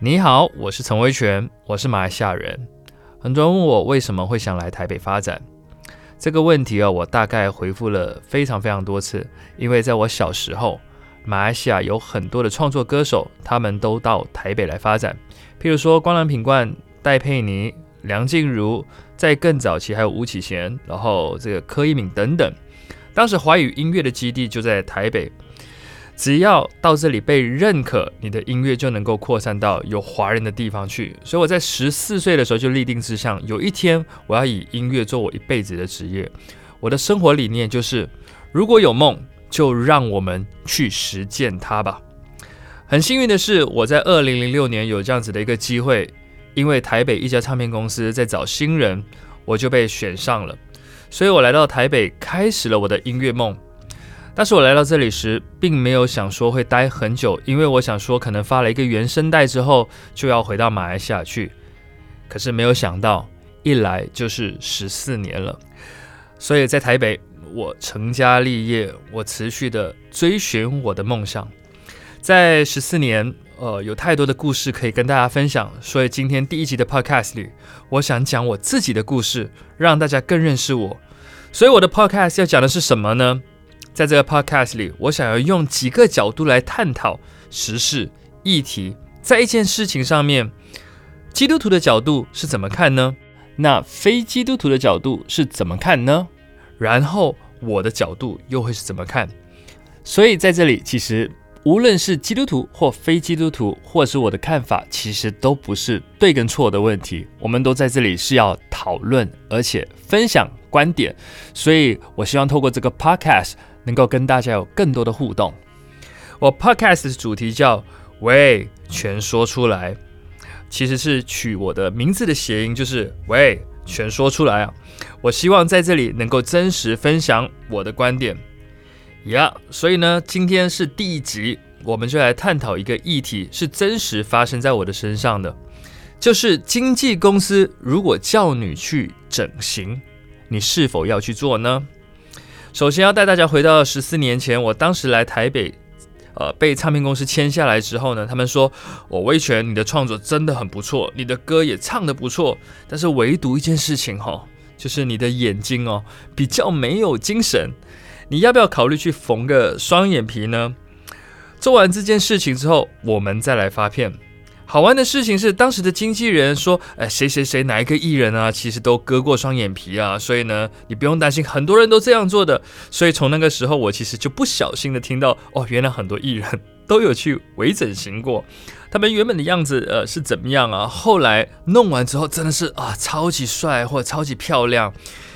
你好，我是陳威全，我是馬來西亞人。很多人問我為什麼會想來台北發展。這個問題啊，我大概回復了非常非常多次。因為在我小時候，馬來西亞有很多的創作歌手，他們都到台北來發展。譬如說光良、品冠、戴佩妮、梁靜茹，在更早期還有吳啟賢，然後這個柯以敏等等。當時華語音樂的基地就在台北。只要到這裡被認可，你的音樂就能夠擴散到有華人的地方去。所以我在十四歲的時候就立定志向，有一天我要以音樂做我一輩子的職業。我的生活理念就是，如果有夢，就讓我們去實踐它吧。很幸運的是，我在二零零六年有這樣子的一個機會，因為台北一家唱片公司在找新人，我就被選上了。所以我來到台北，開始了我的音樂夢。但是我來到這裡時，並沒有想說會待很久，因為我想說可能發了一個原聲帶之後，就要回到馬來西亞去。可是沒有想到，一來就是十四年了。所以在台北，我成家立業，我持續的追尋我的夢想。在十四年，呃，有太多的故事可以跟大家分享。所以今天第一集的 Podcast 裡，我想講我自己的故事，讓大家更認識我。所以我的 Podcast 要講的是什麼呢？在這個 podcast 裡，我想要用幾個角度來探討時事議題。在一件事情上面，基督徒的角度是怎麼看呢？那非基督徒的角度是怎麼看呢？然後我的角度又會是怎麼看？所以在這裡，其實無論是基督徒或非基督徒，或者是我的看法，其實都不是對跟錯的問題。我們都在這裡是要討論，而且分享觀點。所以我希望透過這個 podcast，能夠跟大家有更多的互動。我 Podcast 的主題叫“喂，全說出來”，其實是取我的名字的諧音，就是“喂，全說出來”啊。我希望在這裡能夠真實分享我的觀點。呀，yeah，所以呢，今天是第一集，我們就來探討一個議題，是真實發生在我的身上的，就是經紀公司如果叫你去整形，你是否要去做呢？首先要帶大家回到十四年前，我當時來台北，呃，被唱片公司簽下來之後呢，他們說我威權，你的創作真的很不錯，你的歌也唱得不錯，但是唯獨一件事情哈、哦，就是你的眼睛哦比較沒有精神，你要不要考慮去縫個雙眼皮呢？做完這件事情之後，我們再來發片。好玩的事情是，當時的經紀人說：“哎，誰誰誰，哪一個藝人啊，其實都割過雙眼皮啊，所以呢，你不用擔心，很多人都這樣做的。”所以從那個時候，我其實就不小心的聽到：“哦，原來很多藝人。”都有去微整形過，他們原本的樣子呃是怎麼樣啊？後來弄完之後真的是啊超級帥或者超級漂亮，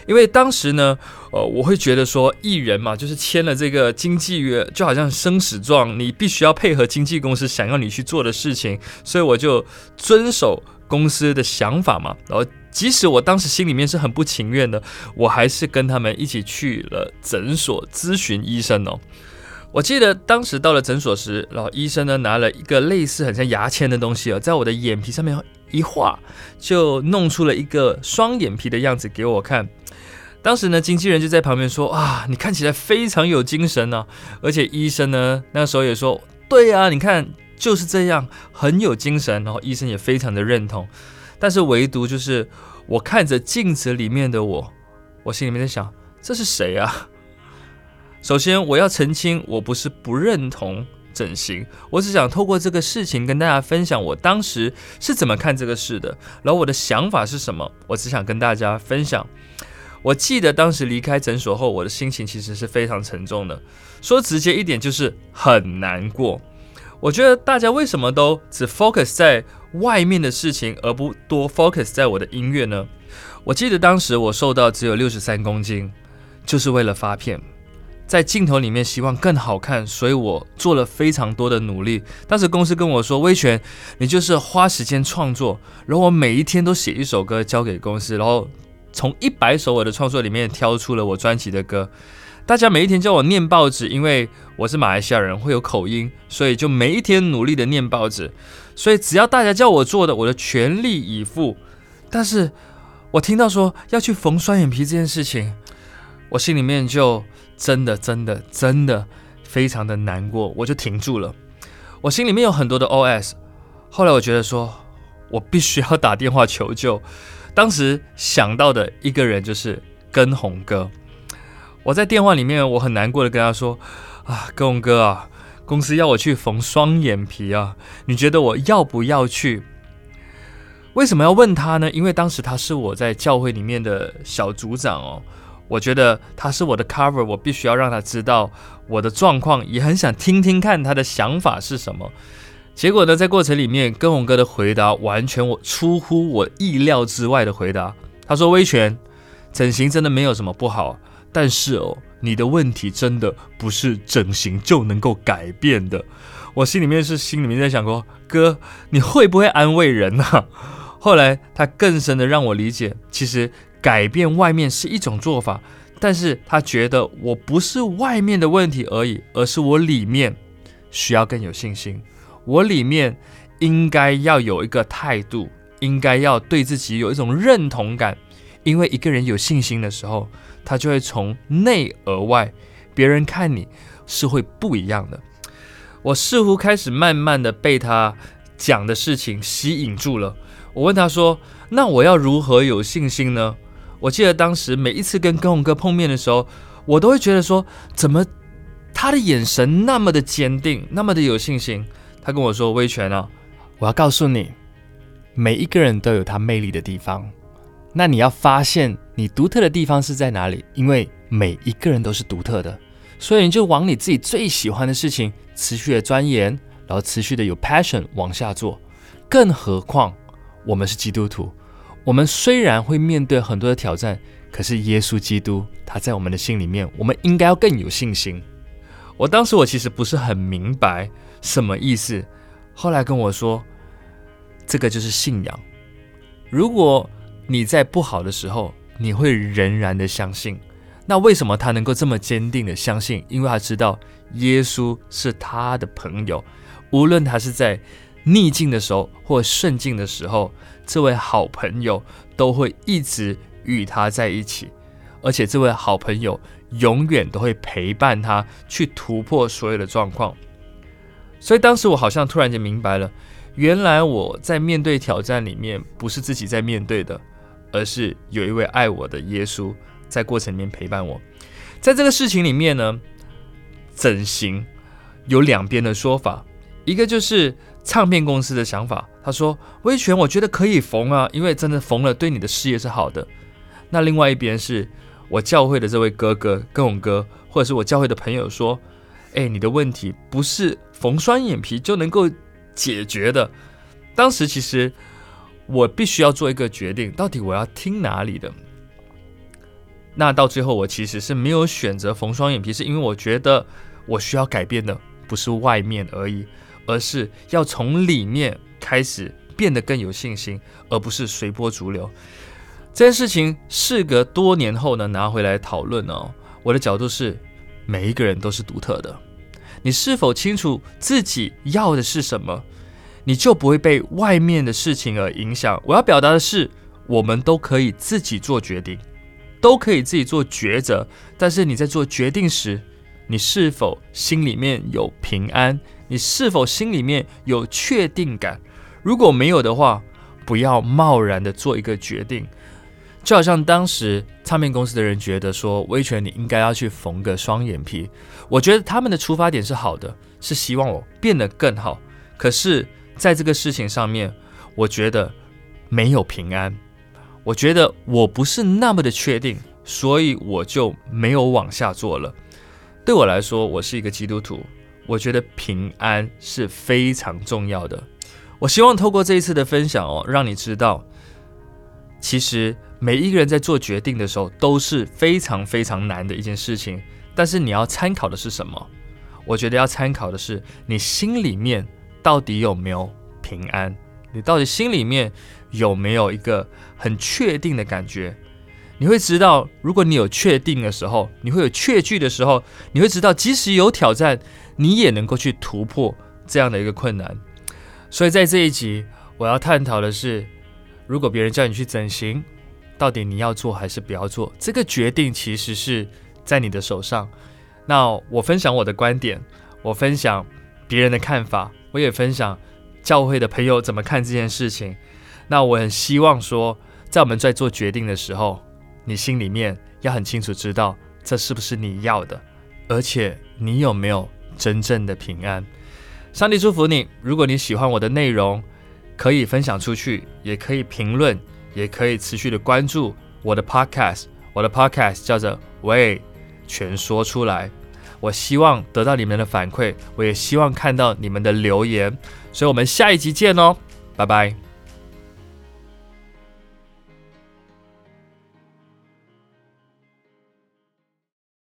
因為當時呢呃我會覺得說藝人嘛，就是簽了這個經紀約，就好像生死狀，你必須要配合經紀公司想要你去做的事情，所以我就遵守公司的想法嘛，然後即使我當時心裡面是很不情願的，我還是跟他們一起去了診所諮詢醫生哦。我記得當時到了診所時，然後醫生呢拿了一個類似很像牙籤的東西啊，在我的眼皮上面一畫，就弄出了一個雙眼皮的樣子給我看。當時呢，經紀人就在旁邊說：“啊，你看起來非常有精神呢。”而且醫生呢，那個時候也說：“對呀，你看就是這樣，很有精神。”然後醫生也非常的認同。但是唯獨就是我看着鏡子裡面的我，我心裡面在想：這是誰啊？首先，我要澄清，我不是不認同整形，我只想透過這個事情跟大家分享我當時是怎麼看這個事的，然後我的想法是什麼。我只想跟大家分享，我記得當時離開診所後，我的心情其實是非常沉重的。說直接一點，就是很難過。我覺得大家為什麼都只 focus 在外面的事情，而不多 focus 在我的音樂呢？我記得當時我瘦到只有六十三公斤，就是為了發片。在鏡頭裡面希望更好看，所以我做了非常多的努力。當時公司跟我說：“威權，你就是花時間創作。”然後我每一天都寫一首歌交給公司，然後從一百首我的創作裡面挑出了我專輯的歌。大家每一天叫我念報紙，因為我是馬來西亞人會有口音，所以就每一天努力的念報紙。所以只要大家叫我做的，我的全力以赴。但是我聽到說要去縫雙眼皮這件事情，我心裡面就。真的，真的，真的，非常的難過，我就停住了。我心裡面有很多的 OS。後來我覺得說，我必須要打電話求救。當時想到的一個人就是跟紅哥。我在電話裡面，我很難過的跟他說：“啊，跟紅哥啊，公司要我去縫雙眼皮啊，你覺得我要不要去？”為什麼要問他呢？因為當時他是我在教會裡面的小組長哦。我覺得他是我的 cover，我必須要讓他知道我的狀況，也很想聽聽看他的想法是什麼。結果呢，在過程裡面，跟紅哥的回答完全我出乎我意料之外的回答。他說：“威權整形真的沒有什麼不好，但是哦，你的問題真的不是整形就能夠改變的。”我心裡面是心裡面在想說：“哥，你會不會安慰人呢、啊？”後來他更深的讓我理解，其實。改變外面是一種做法，但是他覺得我不是外面的問題而已，而是我裡面需要更有信心，我裡面應該要有一個態度，應該要對自己有一種認同感，因為一個人有信心的時候，他就會從內而外，別人看你是會不一樣的。我似乎開始慢慢的被他講的事情吸引住了。我問他說：“那我要如何有信心呢？”我記得當時每一次跟跟畊宏哥碰面的時候，我都會覺得說，怎麼他的眼神那麼的堅定，那麼的有信心？他跟我說：“威權啊，我要告訴你，每一個人都有他魅力的地方，那你要發現你獨特的地方是在哪裡？因為每一個人都是獨特的，所以你就往你自己最喜歡的事情持續的鑽研，然後持續的有 passion 往下做。更何況我們是基督徒。”我們雖然會面對很多的挑戰，可是耶穌基督他在我們的心裡面，我們應該要更有信心。我當時我其實不是很明白什麼意思，後來跟我說，這個就是信仰。如果你在不好的時候，你會仍然的相信，那為什麼他能夠這麼堅定的相信？因為他知道耶穌是他的朋友，無論他是在逆境的時候或順境的時候。這位好朋友都會一直與他在一起，而且這位好朋友永遠都會陪伴他去突破所有的狀況。所以當時我好像突然間明白了，原來我在面對挑戰裡面不是自己在面對的，而是有一位愛我的耶穌在過程裡面陪伴我。在這個事情裡面呢，整形有兩邊的說法，一個就是，唱片公司的想法，他說：“威權，我覺得可以縫啊，因為真的縫了，對你的事業是好的。”那另外一邊是我教會的這位哥哥跟我哥，或者是我教會的朋友說：“哎，你的問題不是縫雙眼皮就能夠解決的。”當時其實我必須要做一個決定，到底我要聽哪裡的。那到最後，我其實是沒有選擇縫雙眼皮，是因為我覺得我需要改變的不是外面而已。而是要從裡面開始變得更有信心，而不是隨波逐流。這件事情事隔多年後呢，拿回來討論哦。我的角度是，每一個人都是獨特的。你是否清楚自己要的是什麼？你就不會被外面的事情而影響。我要表達的是，我們都可以自己做決定，都可以自己做抉擇。但是你在做決定時，你是否心裡面有平安？你是否心裡面有確定感？如果沒有的話，不要貿然的做一個決定。就好像當時唱片公司的人覺得說，威權你應該要去縫個雙眼皮。我覺得他們的出發點是好的，是希望我變得更好。可是在這個事情上面，我覺得沒有平安。我覺得我不是那麼的確定，所以我就沒有往下做了。對我來說，我是一個基督徒。我覺得平安是非常重要的。我希望透過這一次的分享哦，讓你知道，其實每一個人在做決定的時候都是非常非常難的一件事情。但是你要參考的是什麼？我覺得要參考的是你心裡面到底有沒有平安？你到底心裡面有沒有一個很確定的感覺？你會知道，如果你有確定的時候，你會有確據的時候，你會知道，即使有挑戰。你也能夠去突破這樣的一個困難，所以在這一集，我要探討的是，如果別人叫你去整形，到底你要做還是不要做？這個決定其實是在你的手上。那我分享我的觀點，我分享別人的看法，我也分享教會的朋友怎麼看這件事情。那我很希望說，在我們在做決定的時候，你心裡面要很清楚知道這是不是你要的，而且你有沒有。真正的平安，上帝祝福你。如果你喜歡我的內容，可以分享出去，也可以評論，也可以持續的關注我的 podcast。我的 podcast 叫做喂，全說出來。我希望得到你們的反饋，我也希望看到你們的留言。所以，我們下一集見哦，拜拜。